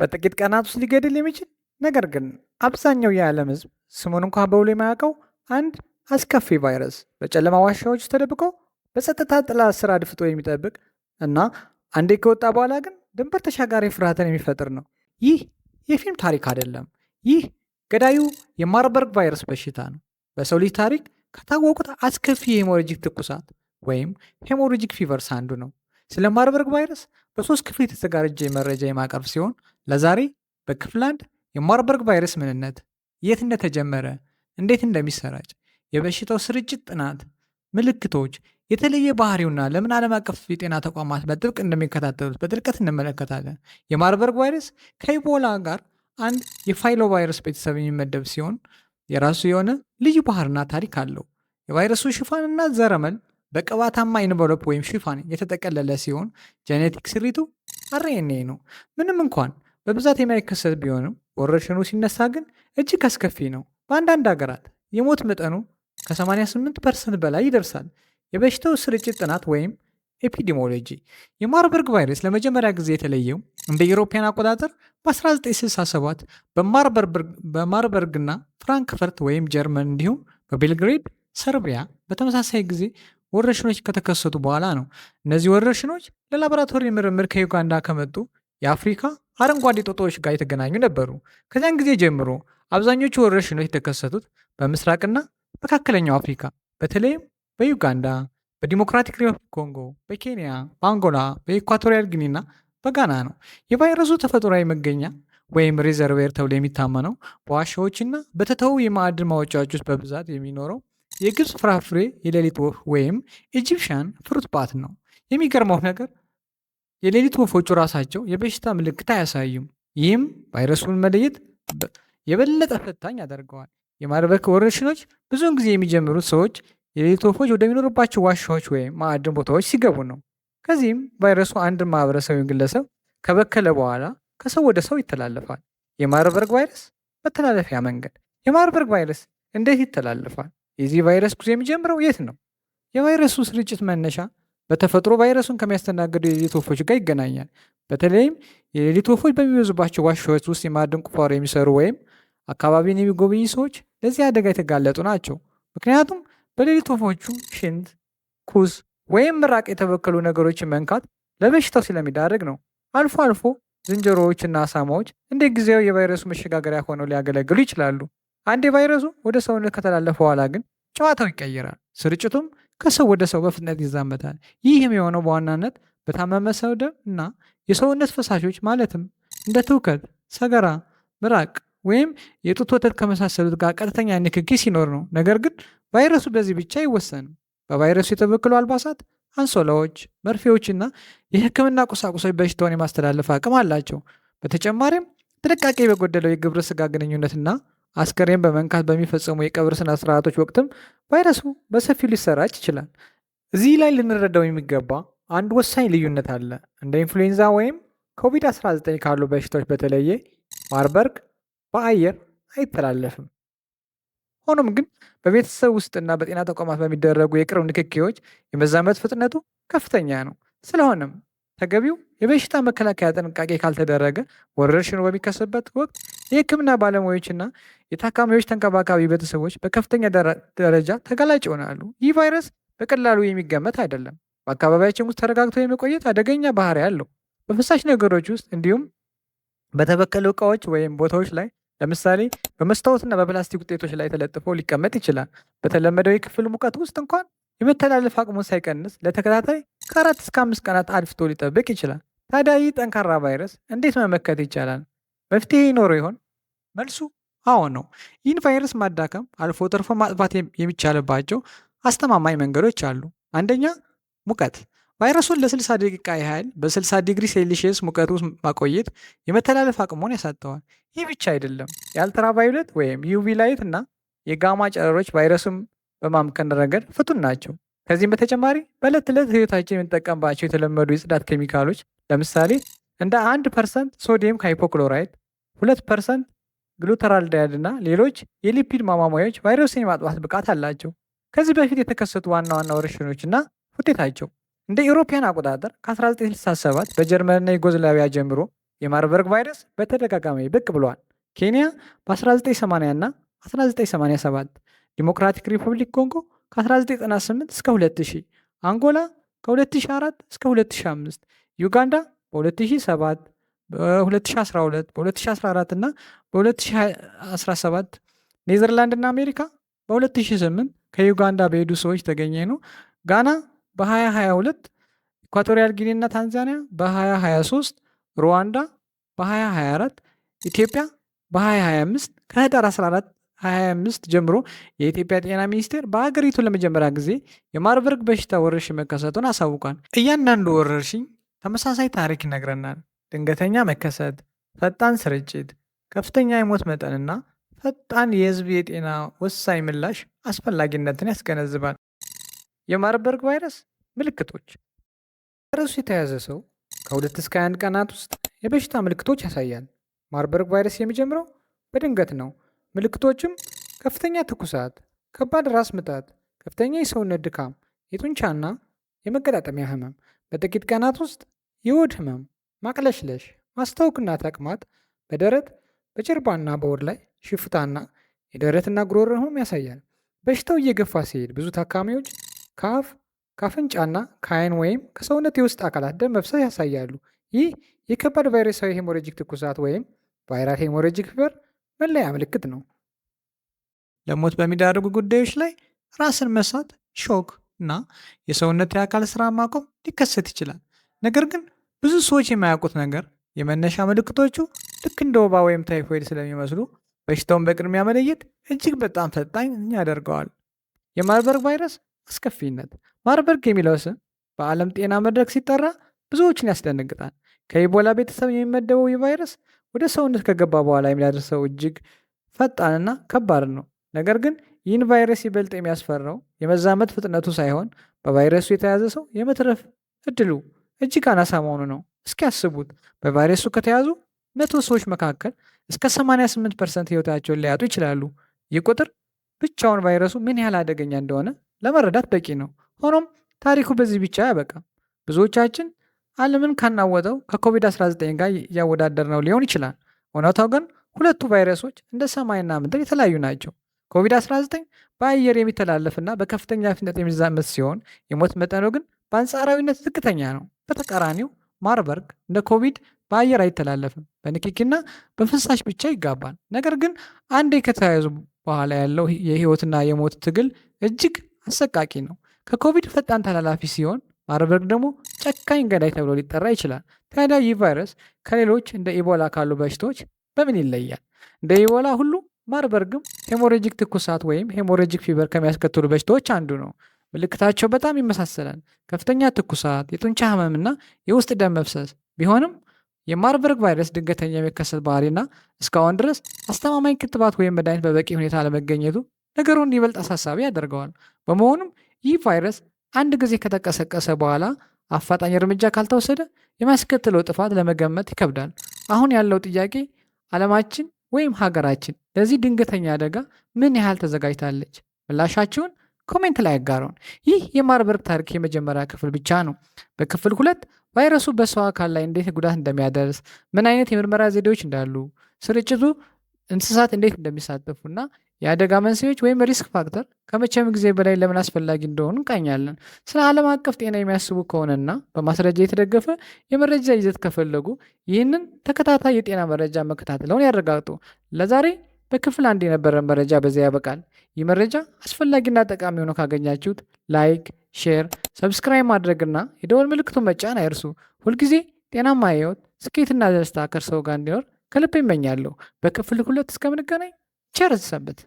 በጥቂት ቀናት ውስጥ ሊገድል የሚችል ነገር ግን አብዛኛው የዓለም ሕዝብ ስሙን እንኳ በውሎ የማያውቀው አንድ አስከፊ ቫይረስ በጨለማ ዋሻዎች ተደብቆ በጸጥታ ጥላ ስር አድፍጦ የሚጠብቅ እና አንዴ ከወጣ በኋላ ግን ድንበር ተሻጋሪ ፍርሃትን የሚፈጥር ነው። ይህ የፊልም ታሪክ አይደለም። ይህ ገዳዩ የማርበርግ ቫይረስ በሽታ ነው። በሰው ልጅ ታሪክ ከታወቁት አስከፊ የሄሞሮጂክ ትኩሳት ወይም ሄሞሮጂክ ፊቨርስ አንዱ ነው። ስለ ማርበርግ ቫይረስ በሶስት ክፍል የተዘጋጀ መረጃ የማቀርብ ሲሆን ለዛሬ በክፍል አንድ የማርበርግ ቫይረስ ምንነት፣ የት እንደተጀመረ፣ እንዴት እንደሚሰራጭ፣ የበሽታው ስርጭት ጥናት፣ ምልክቶች፣ የተለየ ባህሪውና ለምን ዓለም አቀፍ የጤና ተቋማት በጥብቅ እንደሚከታተሉት በጥልቀት እንመለከታለን። የማርበርግ ቫይረስ ከኢቦላ ጋር አንድ የፋይሎ ቫይረስ ቤተሰብ የሚመደብ ሲሆን የራሱ የሆነ ልዩ ባህርና ታሪክ አለው። የቫይረሱ ሽፋንና ዘረመል በቅባታማ ኢንቨሎፕ ወይም ሽፋን የተጠቀለለ ሲሆን ጄኔቲክ ስሪቱ አርኤንኤ ነው። ምንም እንኳን በብዛት የማይከሰት ቢሆንም ወረርሽኑ ሲነሳ ግን እጅግ አስከፊ ነው። በአንዳንድ ሀገራት የሞት መጠኑ ከ88 ፐርሰንት በላይ ይደርሳል። የበሽታው ስርጭት ጥናት ወይም ኤፒዲሞሎጂ የማርበርግ ቫይረስ ለመጀመሪያ ጊዜ የተለየው እንደ ኢሮፓያን አቆጣጠር በ1967 በማርበርግና ፍራንክፈርት ወይም ጀርመን እንዲሁም በቤልግሬድ ሰርቢያ በተመሳሳይ ጊዜ ወረርሽኖች ከተከሰቱ በኋላ ነው። እነዚህ ወረርሽኖች ለላቦራቶሪ ምርምር ከዩጋንዳ ከመጡ የአፍሪካ አረንጓዴ ጦጣዎች ጋር የተገናኙ ነበሩ። ከዚያን ጊዜ ጀምሮ አብዛኞቹ ወረርሽኖች የተከሰቱት በምስራቅና መካከለኛው አፍሪካ በተለይም በዩጋንዳ፣ በዲሞክራቲክ ሪፐብሊክ ኮንጎ፣ በኬንያ፣ በአንጎላ፣ በኢኳቶሪያል ጊኒና በጋና ነው። የቫይረሱ ተፈጥሯዊ መገኛ ወይም ሪዘርቬር ተብሎ የሚታመነው በዋሻዎችና በተተዉ የማዕድን ማውጫዎች ውስጥ በብዛት የሚኖረው የግብፅ ፍራፍሬ የሌሊት ወፍ ወይም ኢጂፕሽያን ፍሩት ባት ነው። የሚገርመው ነገር የሌሊት ወፎቹ ራሳቸው የበሽታ ምልክት አያሳዩም። ይህም ቫይረሱን መለየት የበለጠ ፈታኝ ያደርገዋል። የማርበርግ ወረርሽኞች ብዙውን ጊዜ የሚጀምሩት ሰዎች የሌሊት ወፎች ወደሚኖርባቸው ዋሻዎች ወይም ማዕድን ቦታዎች ሲገቡ ነው። ከዚህም ቫይረሱ አንድ ማህበረሰብ ወይም ግለሰብ ከበከለ በኋላ ከሰው ወደ ሰው ይተላለፋል። የማርበርግ ቫይረስ መተላለፊያ መንገድ። የማርበርግ ቫይረስ እንዴት ይተላለፋል? የዚህ ቫይረስ ጉዞ የሚጀምረው የት ነው? የቫይረሱ ስርጭት መነሻ በተፈጥሮ ቫይረሱን ከሚያስተናግዱ የሌሊት ወፎች ጋር ይገናኛል። በተለይም የሌሊት ወፎች በሚበዙባቸው ዋሻዎች ውስጥ የማዕድን ቁፋሮ የሚሰሩ ወይም አካባቢን የሚጎበኙ ሰዎች ለዚህ አደጋ የተጋለጡ ናቸው። ምክንያቱም በሌሊት ወፎቹ ሽንት፣ ኩስ ወይም ምራቅ የተበከሉ ነገሮችን መንካት ለበሽታው ስለሚዳረግ ነው። አልፎ አልፎ ዝንጀሮዎችና አሳማዎች እንደ ጊዜያዊ የቫይረሱ መሸጋገሪያ ሆነው ሊያገለግሉ ይችላሉ። አንዴ ቫይረሱ ወደ ሰውነት ከተላለፈ በኋላ ግን ጨዋታው ይቀይራል። ስርጭቱም ከሰው ወደ ሰው በፍጥነት ይዛመታል። ይህም የሆነው በዋናነት በታመመ ሰው ደም እና የሰውነት ፈሳሾች ማለትም እንደ ትውከት፣ ሰገራ፣ ምራቅ ወይም የጡት ወተት ከመሳሰሉት ጋር ቀጥተኛ ንክኪ ሲኖር ነው። ነገር ግን ቫይረሱ በዚህ ብቻ አይወሰንም። በቫይረሱ የተበከሉ አልባሳት፣ አንሶላዎች፣ መርፌዎችና የሕክምና ቁሳቁሶች በሽታውን የማስተላለፍ አቅም አላቸው። በተጨማሪም ጥንቃቄ በጎደለው የግብረ ስጋ ግንኙነትና አስከሬን በመንካት በሚፈጸሙ የቀብር ስነ ስርዓቶች ወቅትም ቫይረሱ በሰፊው ሊሰራጭ ይችላል። እዚህ ላይ ልንረዳው የሚገባ አንድ ወሳኝ ልዩነት አለ። እንደ ኢንፍሉዌንዛ ወይም ኮቪድ-19 ካሉ በሽታዎች በተለየ ማርበርግ በአየር አይተላለፍም። ሆኖም ግን በቤተሰብ ውስጥና በጤና ተቋማት በሚደረጉ የቅርብ ንክኪዎች የመዛመት ፍጥነቱ ከፍተኛ ነው። ስለሆነም ተገቢው የበሽታ መከላከያ ጥንቃቄ ካልተደረገ ወረርሽኑ በሚከሰበት ወቅት የህክምና ባለሙያዎችና የታካሚዎች ተንከባካቢ ቤተሰቦች በከፍተኛ ደረጃ ተጋላጭ ይሆናሉ። ይህ ቫይረስ በቀላሉ የሚገመት አይደለም። በአካባቢያችን ውስጥ ተረጋግቶ የመቆየት አደገኛ ባህሪ አለው። በፈሳሽ ነገሮች ውስጥ እንዲሁም በተበከሉ እቃዎች ወይም ቦታዎች ላይ ለምሳሌ በመስታወትና በፕላስቲክ ውጤቶች ላይ ተለጥፎ ሊቀመጥ ይችላል። በተለመደው የክፍል ሙቀት ውስጥ እንኳን የመተላለፍ አቅሙን ሳይቀንስ ለተከታታይ ከአራት እስከ አምስት ቀናት አድፍቶ ሊጠብቅ ይችላል። ታዲያ ይህ ጠንካራ ቫይረስ እንዴት መመከት ይቻላል? መፍትሄ ይኖረው ይሆን? መልሱ አዎ ነው። ይህን ቫይረስ ማዳከም አልፎ ተርፎ ማጥፋት የሚቻልባቸው አስተማማኝ መንገዶች አሉ። አንደኛ ሙቀት፣ ቫይረሱን ለ60 ደቂቃ ያህል በ60 ዲግሪ ሴልሺየስ ሙቀት ውስጥ ማቆየት የመተላለፍ አቅሙን ያሳጠዋል። ይህ ብቻ አይደለም። የአልትራቫዮሌት ወይም ዩቪ ላይት እና የጋማ ጨረሮች ቫይረሱን በማምከን ረገድ ፍቱን ናቸው። ከዚህም በተጨማሪ በዕለት ዕለት ህይወታችን የምንጠቀምባቸው የተለመዱ የጽዳት ኬሚካሎች ለምሳሌ እንደ 1 ፐርሰንት ሶዲየም ሃይፖክሎራይድ፣ 2 ፐርሰንት ግሉተራልዳይድ እና ሌሎች የሊፒድ ማሟሟያዎች ቫይረስን የማጥፋት ብቃት አላቸው። ከዚህ በፊት የተከሰቱ ዋና ዋና ወረርሽኞች እና ውጤታቸው እንደ ኢሮፓያን አቆጣጠር ከ1967 በጀርመንና ዩጎዝላቪያ ጀምሮ የማርበርግ ቫይረስ በተደጋጋሚ ብቅ ብሏል። ኬንያ በ1980 እና 1987፣ ዲሞክራቲክ ሪፐብሊክ ኮንጎ ከ1998 እስከ 2000፣ አንጎላ ከ2004 እስከ 2005፣ ዩጋንዳ በ2007 በ2012 በ2014 እና በ2017 ኔዘርላንድ እና አሜሪካ በ2008 ከዩጋንዳ በሄዱ ሰዎች ተገኘ ነው። ጋና በ2022 ኢኳቶሪያል ጊኒ እና ታንዛኒያ በ2023 ሩዋንዳ በ2024 ኢትዮጵያ በ2025 ከህዳር 14 2025 ጀምሮ የኢትዮጵያ ጤና ሚኒስቴር በአገሪቱ ለመጀመሪያ ጊዜ የማርበርግ በሽታ ወረርሽኝ መከሰቱን አሳውቋል። እያንዳንዱ ወረርሽኝ ተመሳሳይ ታሪክ ይነግረናል። ድንገተኛ መከሰት፣ ፈጣን ስርጭት፣ ከፍተኛ የሞት መጠንና ፈጣን የህዝብ የጤና ወሳኝ ምላሽ አስፈላጊነትን ያስገነዝባል። የማርበርግ ቫይረስ ምልክቶች ቫይረሱ የተያዘ ሰው ከሁለት እስከ አንድ ቀናት ውስጥ የበሽታ ምልክቶች ያሳያል። ማርበርግ ቫይረስ የሚጀምረው በድንገት ነው። ምልክቶችም ከፍተኛ ትኩሳት፣ ከባድ ራስ ምታት፣ ከፍተኛ የሰውነት ድካም፣ የጡንቻና የመገጣጠሚያ ህመም በጥቂት ቀናት ውስጥ የሆድ ህመም፣ ማቅለሽለሽ፣ ማስታወክና ተቅማጥ በደረት በጀርባና በሆድ ላይ ሽፍታና የደረትና ጉሮሮ ህመም ያሳያል። በሽታው እየገፋ ሲሄድ ብዙ ታካሚዎች ከአፍ ከአፍንጫና ከአይን ወይም ከሰውነት የውስጥ አካላት ደም መፍሰስ ያሳያሉ። ይህ የከባድ ቫይረሳዊ ሄሞሬጂክ ትኩሳት ወይም ቫይራል ሄሞሬጂክ ፊቨር መለያ ምልክት ነው። ለሞት በሚዳርጉ ጉዳዮች ላይ ራስን መሳት፣ ሾክ እና የሰውነት የአካል ስራ ማቆም ሊከሰት ይችላል። ነገር ግን ብዙ ሰዎች የማያውቁት ነገር የመነሻ ምልክቶቹ ልክ እንደ ወባ ወይም ታይፎይድ ስለሚመስሉ በሽታውን በቅድሚያ መለየት እጅግ በጣም ፈጣኝ ያደርገዋል። የማርበርግ ቫይረስ አስከፊነት። ማርበርግ የሚለው ስም በዓለም ጤና መድረክ ሲጠራ ብዙዎችን ያስደነግጣል። ከኢቦላ ቤተሰብ የሚመደበው ይህ ቫይረስ ወደ ሰውነት ከገባ በኋላ የሚያደርሰው እጅግ ፈጣንና ከባድ ነው። ነገር ግን ይህን ቫይረስ ይበልጥ የሚያስፈራው የመዛመት ፍጥነቱ ሳይሆን በቫይረሱ የተያዘ ሰው የመትረፍ እድሉ እጅግ አናሳ መሆኑ ነው። እስኪ ያስቡት፣ በቫይረሱ ከተያዙ መቶ ሰዎች መካከል እስከ 88 ፐርሰንት ህይወታቸውን ሊያጡ ይችላሉ። ይህ ቁጥር ብቻውን ቫይረሱ ምን ያህል አደገኛ እንደሆነ ለመረዳት በቂ ነው። ሆኖም ታሪኩ በዚህ ብቻ አያበቃም። ብዙዎቻችን ዓለምን ካናወጠው ከኮቪድ-19 ጋር እያወዳደር ነው ሊሆን ይችላል። እውነታው ግን ሁለቱ ቫይረሶች እንደ ሰማይና ምድር የተለያዩ ናቸው። ኮቪድ-19 በአየር የሚተላለፍና በከፍተኛ ፍጥነት የሚዛመት ሲሆን የሞት መጠኑ ግን በአንጻራዊነት ዝቅተኛ ነው። በተቃራኒው ማርበርግ እንደ ኮቪድ በአየር አይተላለፍም፣ በንክኪና በፍሳሽ ብቻ ይጋባል። ነገር ግን አንዴ ከተያያዙ በኋላ ያለው የህይወትና የሞት ትግል እጅግ አሰቃቂ ነው። ከኮቪድ ፈጣን ተላላፊ ሲሆን ማርበርግ ደግሞ ጨካኝ ገዳይ ተብሎ ሊጠራ ይችላል። ታዲያ ይህ ቫይረስ ከሌሎች እንደ ኢቦላ ካሉ በሽታዎች በምን ይለያል? እንደ ኢቦላ ሁሉ ማርበርግም ሄሞሬጂክ ትኩሳት ወይም ሄሞሬጂክ ፊቨር ከሚያስከትሉ በሽታዎች አንዱ ነው። ምልክታቸው በጣም ይመሳሰላል። ከፍተኛ ትኩሳት፣ የጡንቻ ህመምና የውስጥ ደም መፍሰስ ቢሆንም የማርበርግ ቫይረስ ድንገተኛ የሚከሰት ባህሪና እስካሁን ድረስ አስተማማኝ ክትባት ወይም መድኃኒት በበቂ ሁኔታ አለመገኘቱ ነገሩን ይበልጥ አሳሳቢ ያደርገዋል። በመሆኑም ይህ ቫይረስ አንድ ጊዜ ከተቀሰቀሰ በኋላ አፋጣኝ እርምጃ ካልተወሰደ የሚያስከትለው ጥፋት ለመገመት ይከብዳል። አሁን ያለው ጥያቄ ዓለማችን ወይም ሀገራችን ለዚህ ድንገተኛ አደጋ ምን ያህል ተዘጋጅታለች? ምላሻችሁን ኮሜንት ላይ ያጋሩን። ይህ የማርበርግ ታሪክ የመጀመሪያ ክፍል ብቻ ነው። በክፍል ሁለት ቫይረሱ በሰው አካል ላይ እንዴት ጉዳት እንደሚያደርስ፣ ምን አይነት የምርመራ ዘዴዎች እንዳሉ፣ ስርጭቱ እንስሳት እንዴት እንደሚሳተፉና የአደጋ መንስኤዎች ወይም ሪስክ ፋክተር ከመቼም ጊዜ በላይ ለምን አስፈላጊ እንደሆኑ እንቃኛለን። ስለ ዓለም አቀፍ ጤና የሚያስቡ ከሆነና በማስረጃ የተደገፈ የመረጃ ይዘት ከፈለጉ ይህንን ተከታታይ የጤና መረጃ መከታተለውን ያረጋግጡ። ለዛሬ በክፍል አንድ የነበረን መረጃ በዚያ ያበቃል። ይህ መረጃ አስፈላጊና ጠቃሚ ሆኖ ካገኛችሁት ላይክ፣ ሼር፣ ሰብስክራይብ ማድረግና የደወል ምልክቱን መጫን አይርሱ። ሁልጊዜ ጤናማ ሕይወት፣ ስኬትና ደስታ ከእርስዎ ጋር እንዲኖር ከልብ ይመኛለሁ። በክፍል ሁለት እስከምንገናኝ ቸር ሰንብት።